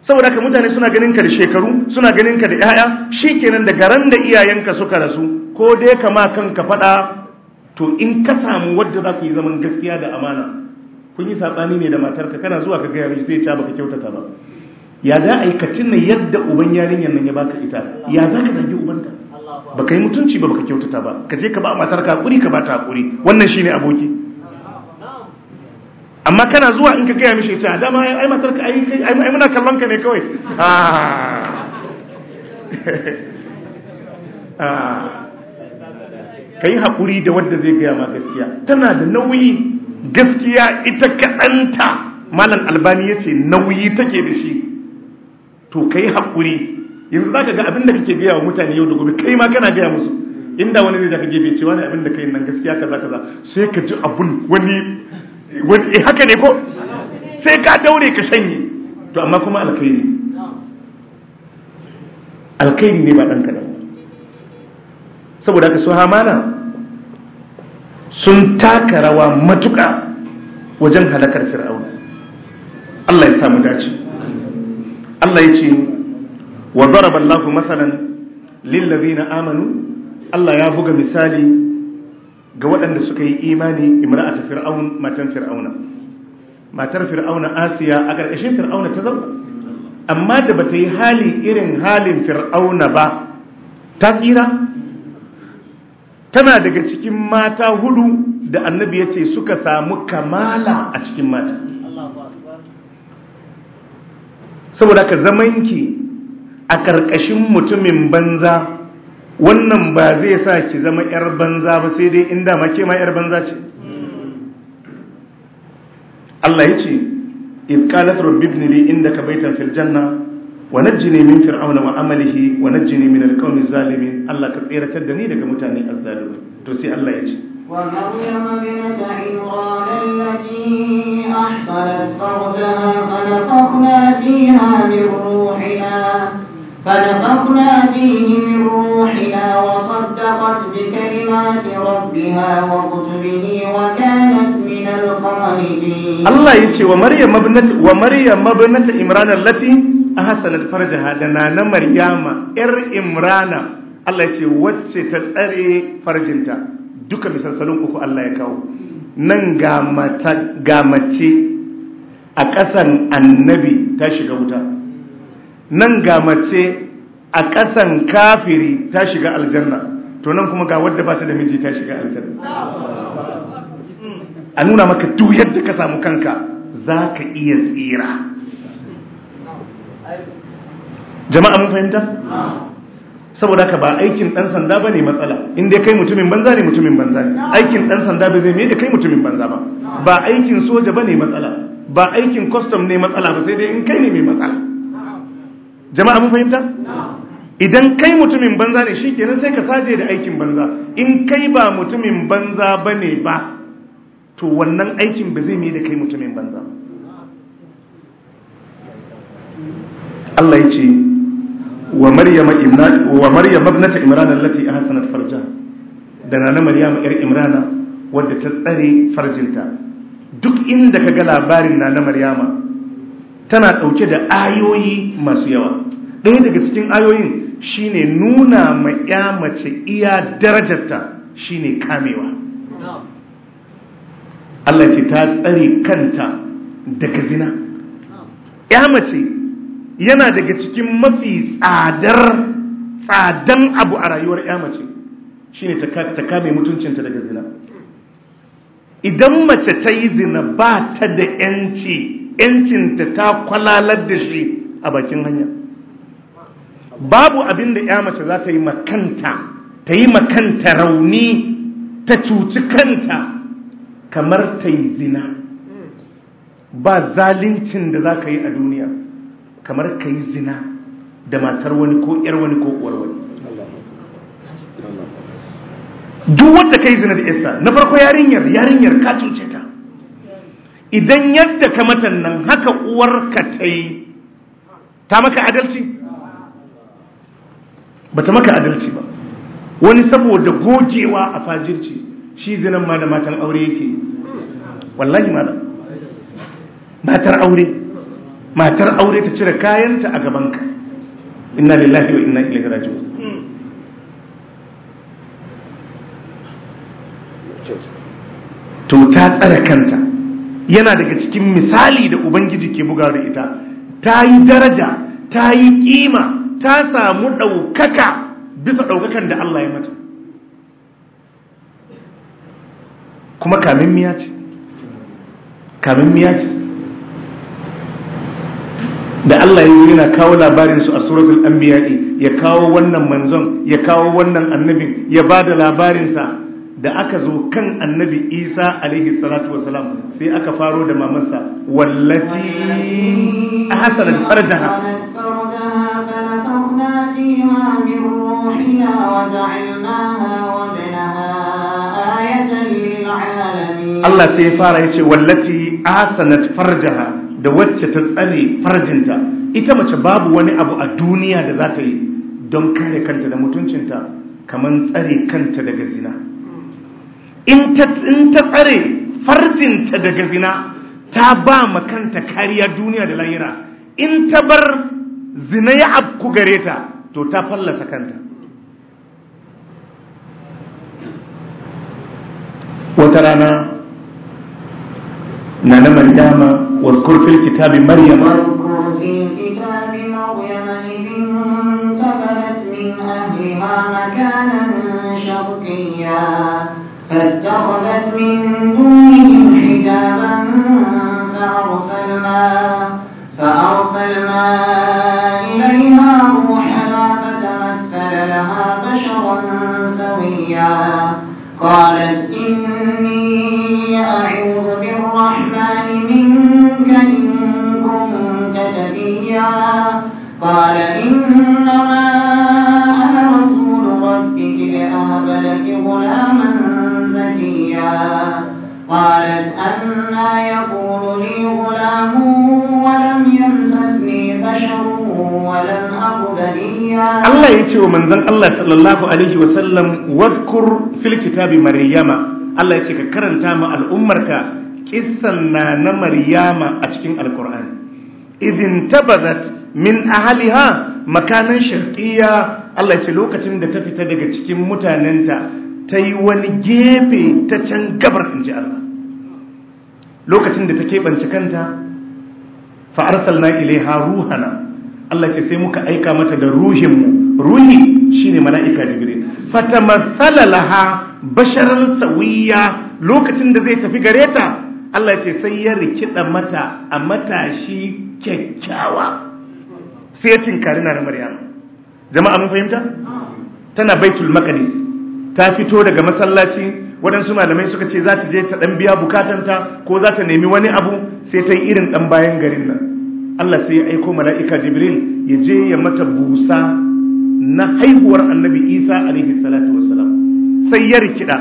saboda haka mutane suna ganin ka da shekaru suna ganin ka da shi kenan da, garan da iyayenka suka rasu ko dai kama ka faɗa to in ka samu wadda za ku yi zaman gaskiya da amana kun yi saɓani ne da matarka kana zuwa ka gaya mishi sai ya baka kyautata ba ya za a yi ka ne yadda uban yarinyar nan ya baka ita ya za ka zagi ubanta baka yi mutunci ba baka kyautata ba ka je ka ba matar ka hakuri ka ba ta hakuri wannan shine aboki amma kana zuwa in ka gaya mishi ta dama ai matar ka ai ai muna kallon ka ne kawai ah. <laughs> Ah. ka yi hakuri da wanda zai gaya ma gaskiya tana da nauyi gaskiya ita kaɗanta malam albani ya ce nauyi take da shi to ka yi hakuri yanzu za ka ga abin da kake gaya wa mutane yau da gobe kai ma kana gaya musu inda wani zai ka jefe cewa ne abin kai nan gaskiya kaza kaza sai ka ji abun wani wani eh, haka ne ko sai ka daure ka shanye to amma kuma alkhairi alkhairi ne ba dan kada saboda haka su hamana sun taka rawa matuka wajen halakar fir'auna Allah ya samu dace Allah ya ce wa zaraba Allahu masalan lil ladina amanu Allah ya buga misali ga waɗanda suka yi imani imra'at fir'aun matan fir'auna matar fir'auna Asiya a ƙarƙashin fir'auna ta zauna amma da bata yi hali irin halin fir'auna ba ta tsira tana daga cikin mata hudu da annabi ya ce suka samu kamala a cikin mata saboda ka zamanki a ƙarƙashin mutumin banza wannan ba zai sa ki zama 'yar banza ba sai dai inda ma ke ma 'yar banza ce Allah ya ce ibqalat rabbi ibn li indaka baitan fil janna wa najjini min fir'auna wa amalihi wa najjini min alqawmi zalimin Allah ka tseratar da ni daga mutane azzalimi to sai Allah ya ce wa maryama binat imran allati ahsanat farjaha fa nafakhna fiha min ruhina فنفخنا فيه من روحنا وصدقت بكلمات ربها وكتبه وكانت من القانتين الله يتي ومريم ابنة ومريم ابنة إمران التي أحسنت فرجها لنا مريم إر إمران Allah ce wacce ta tsare farjinta duka misalsalin uku Allah ya kawo nan ga mace a ƙasan annabi ta shiga wuta nan ga mace a ƙasan kafiri ta shiga aljanna to nan kuma ga wadda ba ta da miji ta shiga aljanna a nuna maka duk yadda ka samu kanka za ka iya tsira jama'a mun fahimta? saboda ka ba aikin ɗan sanda ba ne matsala inda kai mutumin banza ne mutumin banza ne aikin ɗan sanda ba zai mai da kai mutumin banza ba ba aikin soja ba ne matsala ba aikin kwastam ne matsala ba sai dai in kai ne mai matsala jama'a mun fahimta idan kai mutumin banza ne shi kenan sai ka saje da aikin banza in kai ba mutumin banza bane ba to wannan aikin ba zai mai da kai mutumin banza Allah ya ce wa maryama ibnat imran allati ahsanat farja da nana maryama yar imrana wadda ta tsare farjinta duk inda ka ga labarin nana maryama tana ɗauke da ayoyi masu yawa ɗaya daga cikin ayoyin shine nuna ma ya mace iya darajarta shine kamewa Allah ce ta tsare kanta daga zina ya mace yana daga cikin mafi tsadar tsadan abu a rayuwar ya mace shine ta kame mutuncinta daga zina idan mace ta yi zina ba ta da 'yanci yancinta ta kwalalar da shi a bakin hanya babu abin da ya mace za ta yi makanta ta yi makanta rauni ta cuci kanta kamar ta yi zina ba zalincin da za ka yi a duniya kamar ka yi zina da matar wani ko ‘yar wani ko uwar wani duk wadda ka yi zina da 'yarsa, na farko yarinyar yarinyar ka cuce ta idan yadda ka mata nan haka uwarka ta yi ta maka adalci ba ta maka adalci ba wani saboda gogewa a fajirci shi zinan ma da matan aure yake wallahi ma matar aure matar aure ta cire kayanta a gabanka inna lillahi wa inna ilaihi raji'un to ta tsare kanta yana daga cikin misali da ubangiji ke bugawa da ita ta yi daraja ta yi kima ta samu ɗaukaka bisa ɗaukakan da Allah ya mata kuma kamin miya ce kamin miya ce da Allah ya yana kawo labarinsu a suratul anbiya'i ya kawo wannan manzon ya kawo wannan annabin ya ba da labarinsa da aka zo kan annabi isa alaihi salatu wasalam sai aka faro da mamansa wallati a hasanar farjaha Allah sai ya fara ya ce wallati sanat farjaha da wacce ta tsare farjinta ita mace babu wani abu a duniya da za ta yi don kare kanta da mutuncinta kamar tsare kanta daga zina in ta tsare farcinta daga zina ta ba makanta kariya duniya da lahira in ta bar zina ya abku gare ta to ta fallasa kanta wata rana na na maryama kitabin Maryam. الكتاب مريم فاتخذت من دونهم حجابا فأرسلنا, فأرسلنا إليها روحنا فتمثل لها بشرا سويا قالت إني أعوذ بالرحمن منك إن كنت تبيا قال إنما قالت أنا يقول لي غلام ولم يمسسني بشر ولم أق بنيا الله يتوى من ذن الله صلى الله عليه وسلم واذكر في الكتاب مريم Allah ya ce ka karanta ma al’ummarka kisan na na Maryama a cikin Al’ur’an. Izin tabazat min ha, makanan sharqiya Allah ya ce lokacin da ta fita daga cikin mutanenta ta yi wani gefe ta can gabar in ji Allah lokacin da ta keɓance kanta fa'arsal na ha ruhana Allah ce sai muka aika mata da ruhinmu ruhi shine mala'ika jibiri fata matsala basharar sauyiya lokacin da zai tafi gare ta Allah ce sai ya rikida mata a matashi kyakkyawa sai ya tinkari na maryam jama'a mun fahimta tana baitul makadis ta fito daga masallaci waɗansu malamai suka ce za ta je ta ɗan biya bukatanta ko za ta nemi wani abu sai ta yi irin ɗan bayan garin nan Allah sai ya aiko mala'ika Jibril ya je ya mata busa na haihuwar annabi Isa alaihi salatu wasalam sai ya rikida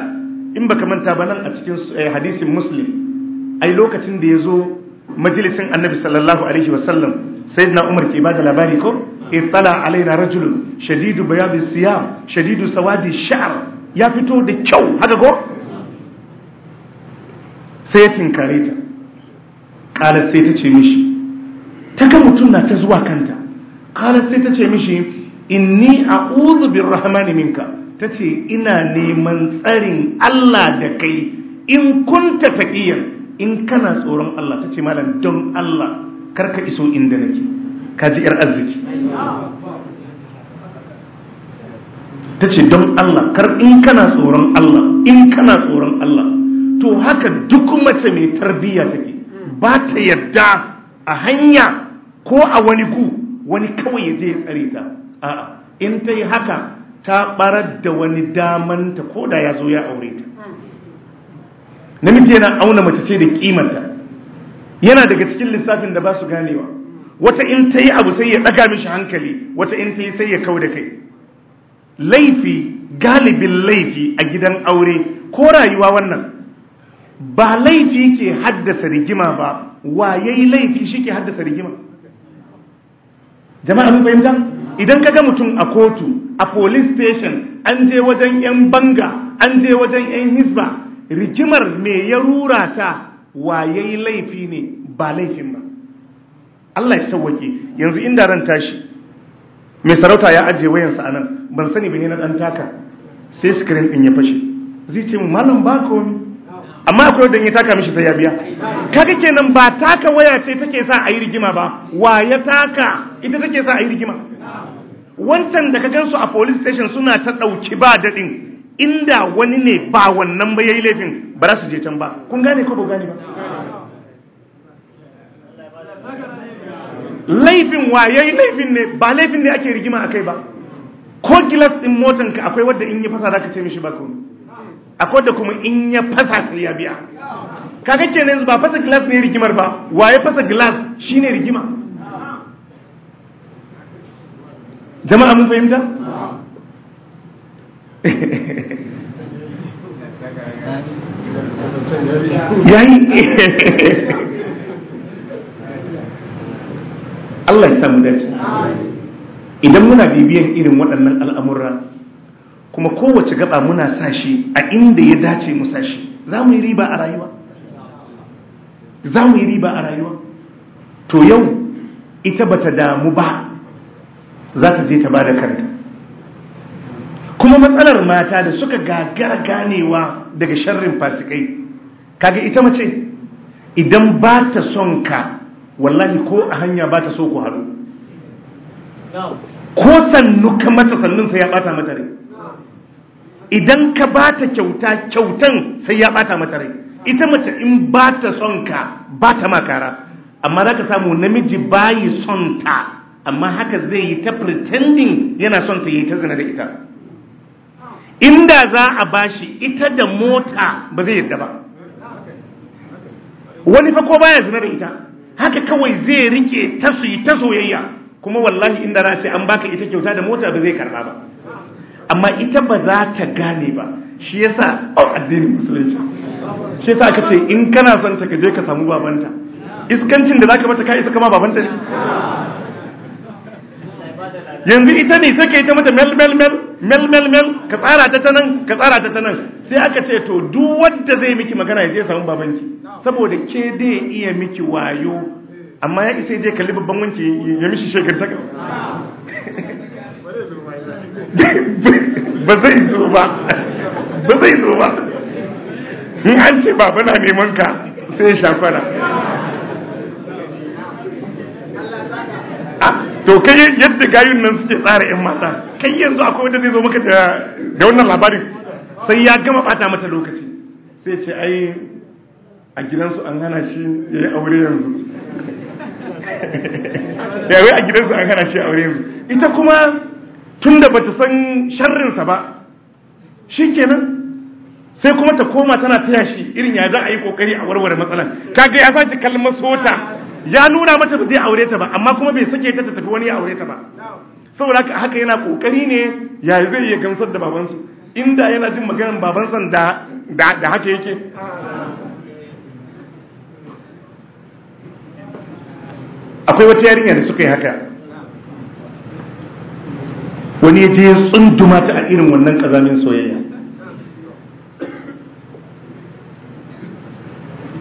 in baka manta ba nan a cikin eh, hadisin Muslim ai lokacin da ya zo majalisin annabi sallallahu alaihi wasallam sayyidina Umar ke bada labari ko ittala alaina rajulun shadidu bayadi siyam shadidu sawadi sha'r ya fito da kyau haka ko sai ya tinkare ta kalar sai ta ce mishi ta ga mutum na ta zuwa kanta kalar sai ta ce mishi inni a uzubin rahmani minka ta ce ina neman tsarin Allah da kai in kunta taƙiyar in kana tsoron Allah ta ce malam don Allah karka iso inda nake kaji 'yar arziki ta ce don Allah kar in kana tsoron Allah in kana tsoron Allah to haka duk mace mai tarbiyya take ba ta yadda a hanya ko a wani gu wani kawai ya je ya tsare ta a'a in ta yi haka ta barar da wani damanta ko da ya zo ya aure ta namiji yana auna mace ce da kimanta yana daga cikin lissafin da ba su ganewa wata in ta yi abu sai ya ɗaga mishi hankali wata in ta yi sai ya kau da kai laifi galibin laifi a gidan aure ko rayuwa wannan ba laifi ke haddasa rigima ba waye laifi shi ke haddasa rigima jama'a mun fahimta idan kaga mutum a kotu a police station an je wajen yan banga an je wajen yan hisba rigimar me ya rura ta waye laifi ne ba laifin ba Allah ya sauwake yanzu inda ran tashi mai sarauta ya ajiye wayansa a nan ban sani bane na dan taka sai screen din ya fashe zai ce mu malam ba wani. amma akwai wanda ya taka mishi sai ya biya kaga kenan ba taka waya ce take sa a yi rigima ba wa ya taka ita take sa a yi rigima wancan da ka gansu a police station suna ta dauki ba dadin inda wani ne ba wannan ba yayi laifin ba za su je can ba kun gane ko ba gane ba laifin waye laifin ne ba laifin ne ake rigima a kai ba ko gilas ɗin motanka akwai wadda in ya fasa za ka ce mishi ba akwai wadda kuma in ya fasa sai ya biya kaga kenan ba fasa gilas ne rigimar ba waye fasa gilas shi ne rigima jama'a mun fahimta <laughs> yayi <laughs> Allah ya samu dace idan muna bibiyan irin waɗannan al'amura kuma kowace gaba muna sashi a inda ya dace mu sashi za mu yi riba a rayuwa za mu yi riba a rayuwa to yau ita bata damu ba za ta je ta ba da kanta kuma matsalar mata da suka gagara ganewa daga sharrin fasikai kaga ita mace idan ba ta son ka wallahi ko a hanya ba ta so ku haɗu ko sannu ka mata sannun sai ya ɓata mata rai idan ka ba ta kyauta kyautan sai ya ɓata mata rai ita mace in ba ta son ka ba ta makara amma za ka samu namiji bayi son ta amma haka zai yi ta pretending yana son ta yi ta zina da ita inda za a ba shi ita da mota ba zai yadda ba wani fa ko baya zina da ita haka kawai zai rike ta su yi ta soyayya kuma wallahi inda na ce an baka ita kyauta da mota ba zai karba ba amma ita ba za ta gane ba shi yasa a addinin musulunci shi yasa aka ce in kana son ta kaje ka samu babanta iskancin da zaka mata ka isa kama babanta ne yanzu ita ne take ta mata mel mel mel mel mel mel ka tsara ta nan ka tsara ta nan sai aka ce to duk wanda zai miki magana ya je samu babanki saboda ke dai iya miki wayo amma ya isa je kalli babban wanki ya mishi shekar ta <laughs> ba zai zo ba ba zai zo ba in an ce baba na neman ka sai shafara to kai yadda gayun nan suke tsara yan mata kai yanzu akwai wanda zai zo maka da wannan labarin sai ya gama bata mata lokaci sai ce ai a gidansu an hana shi ya yi aure yanzu da <laughs> yawai a gidansu an hana shi aure yanzu ita kuma tun da bata san sharrinsa ba shi kenan sai kuma ta koma tana taya shi irin ya za a yi kokari a warware matsalan kaga ya sace kalmar sota ya nuna mata ba zai aure ta ba amma kuma bai sake ta ta tafi wani ya aure ta ba saboda haka yana kokari ne ya zai iya gamsar da babansu inda yana jin maganar babansa da da haka yake akwai wata yarinya da suka yi haka wani ya je tsunduma ta a irin wannan kazamin soyayya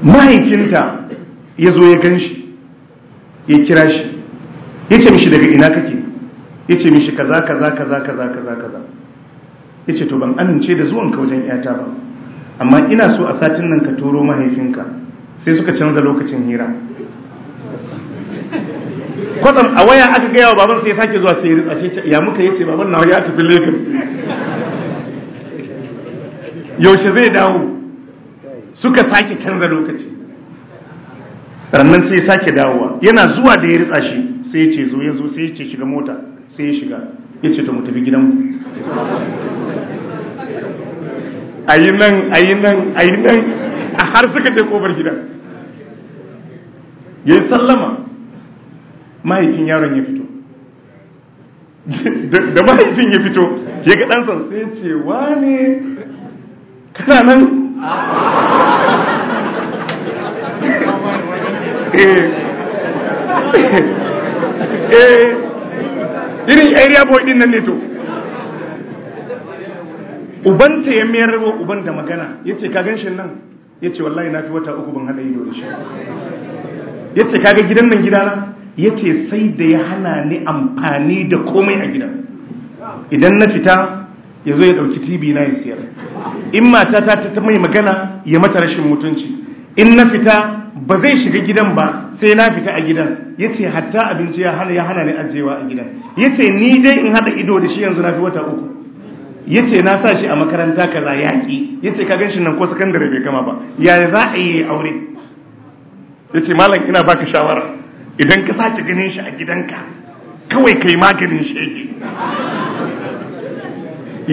mahaifinta ya zo ya gan shi ya kira shi ya ce mishi daga ina kake ya ce mishi kaza kaza kaza kaza kaza kaza ya ce to ban amince da zuwanka wajen yata ba amma ina so a satin nan ka turo mahaifinka sai suka canza lokacin hira kwatsam a waya aka gaya wa baban sai ya sake zuwa sai ya ritsa ya muka yace baban na ya tafi lekin yaushe zai dawo suka sake canza lokaci rannan sai sake dawowa yana zuwa da ya ritsa shi sai ya ce zo ya zo sai ya ce shiga mota sai ya shiga ya ce ta mu tafi gidanmu ayi nan ayi nan ayi nan a har suka ce kofar gidan ya yi sallama mahaifin yaron ya fito da mahaifin ya fito ya ga ɗansa sai ce wane kana nan Eh. Eh. irin area boy din nan ne to ubanta ya mayar wa uban da magana ya ce kagan shi nan ya ce wallahi na fi wata uku ban haɗa ido da shi ya ce kaga gidan nan gidana ya ce sai da ya hana ni amfani da komai a gidan idan na fita ya zo ya ɗauki tv na ya siyar in mata ta ta mai magana ya mata rashin mutunci in na fita ba zai shiga gidan ba sai na fita a gidan ya ce hatta abinci ya hana ya hana ni ajiyewa a gidan ya ce ni dai in haɗa ido da shi yanzu na fi wata uku ya ce na sa shi a makaranta kaza yaƙi ya ce ka ganshi nan ko sakandare bai gama ba yaya za a yi aure ya ce malam ina baka shawara idan ka sake ganin shi a gidanka kawai kai maganin shi yake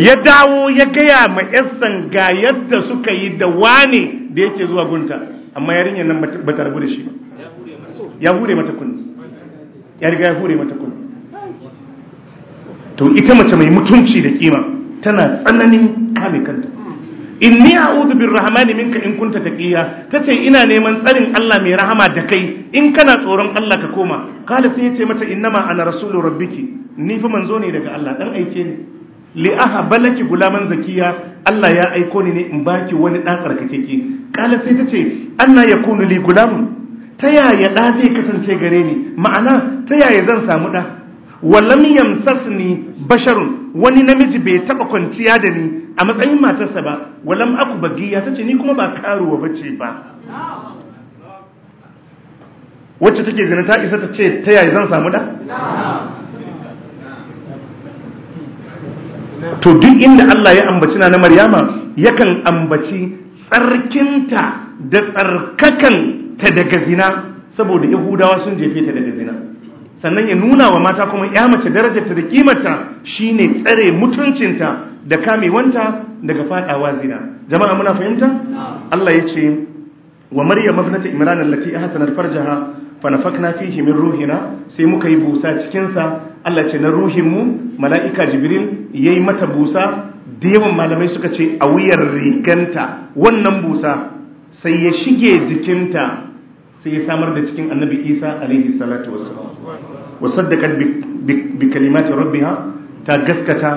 ya dawo ya gaya ma 'yassan ga yadda suka yi da wane da yake zuwa gunta amma yarinyar nan ba ta rabu da shi ya hure mata kunni ya riga ya hure mata kunni to ita mace mai mutunci da kima tana tsananin kame kanta In ni uzu bin rahamani minka in kunta ta ta ce ina neman tsarin Allah mai rahama da kai in kana tsoron Allah ka koma sun sai ce mata in nama ana rasulun rabbiki ni fa manzo ne daga Allah dan aike ni li balaki gulaman zakiya Allah ya aiko ni ne in baki wani dan ke. kala sai ta ce anna ya li gulam ta yaya ɗa zai kasance gare ni ma'ana ta yaya zan samu da wallam yamsasni basharun wani namiji bai taɓa kwanciya da ni a matsayin matarsa ba walam aku bagiya ce ni kuma ba karuwa ce ba wacce take zina ta isa ta ce ta yaya zan samu ɗa? to duk inda Allah ya ambaci na na Maryama yakan ambaci tsarkinta da tsarkakan ta daga zina saboda yahudawa sun jefe ta daga zina sannan ya nuna wa mata kuma ya mace darajarta da kimarta shine tsare mutuncinta da kamewanta daga fadawa zina jama'a muna fahimta Allah ya ce wa maryam mabnata imran allati ahsanat farjaha fa fihi min ruhina sai muka yi busa cikinsa. Allah ce na ruhin mu mala'ika jibril yi mata busa da yawan malamai suka ce a wuyar riganta wannan busa sai ya shige jikinta sai ya samar da cikin annabi isa alaihi salatu wasalam wasaddaqat bi kalimati rabbiha ta gaskata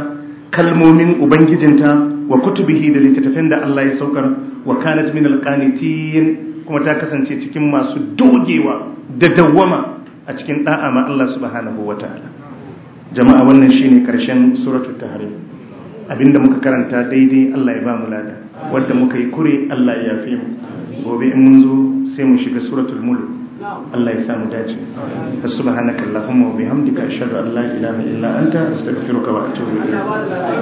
kalmomin ubangijinta wa kutubihi da littattafin da Allah ya saukar wa kanat min alqanitin kuma ta kasance cikin masu dogewa da dawwama a cikin da'a ma Allah subhanahu wataala jama'a wannan shine karshen suratul tahrim abinda muka karanta daidai Allah ya ba mu lada wanda muka yi kure Allah ya yafe mu gobe in mun zo sai mu shiga suratul mulk Allah ya sa mu dace subhanakallahumma wa bihamdika ashhadu an la ilaha illa anta astaghfiruka wa atubu ilayk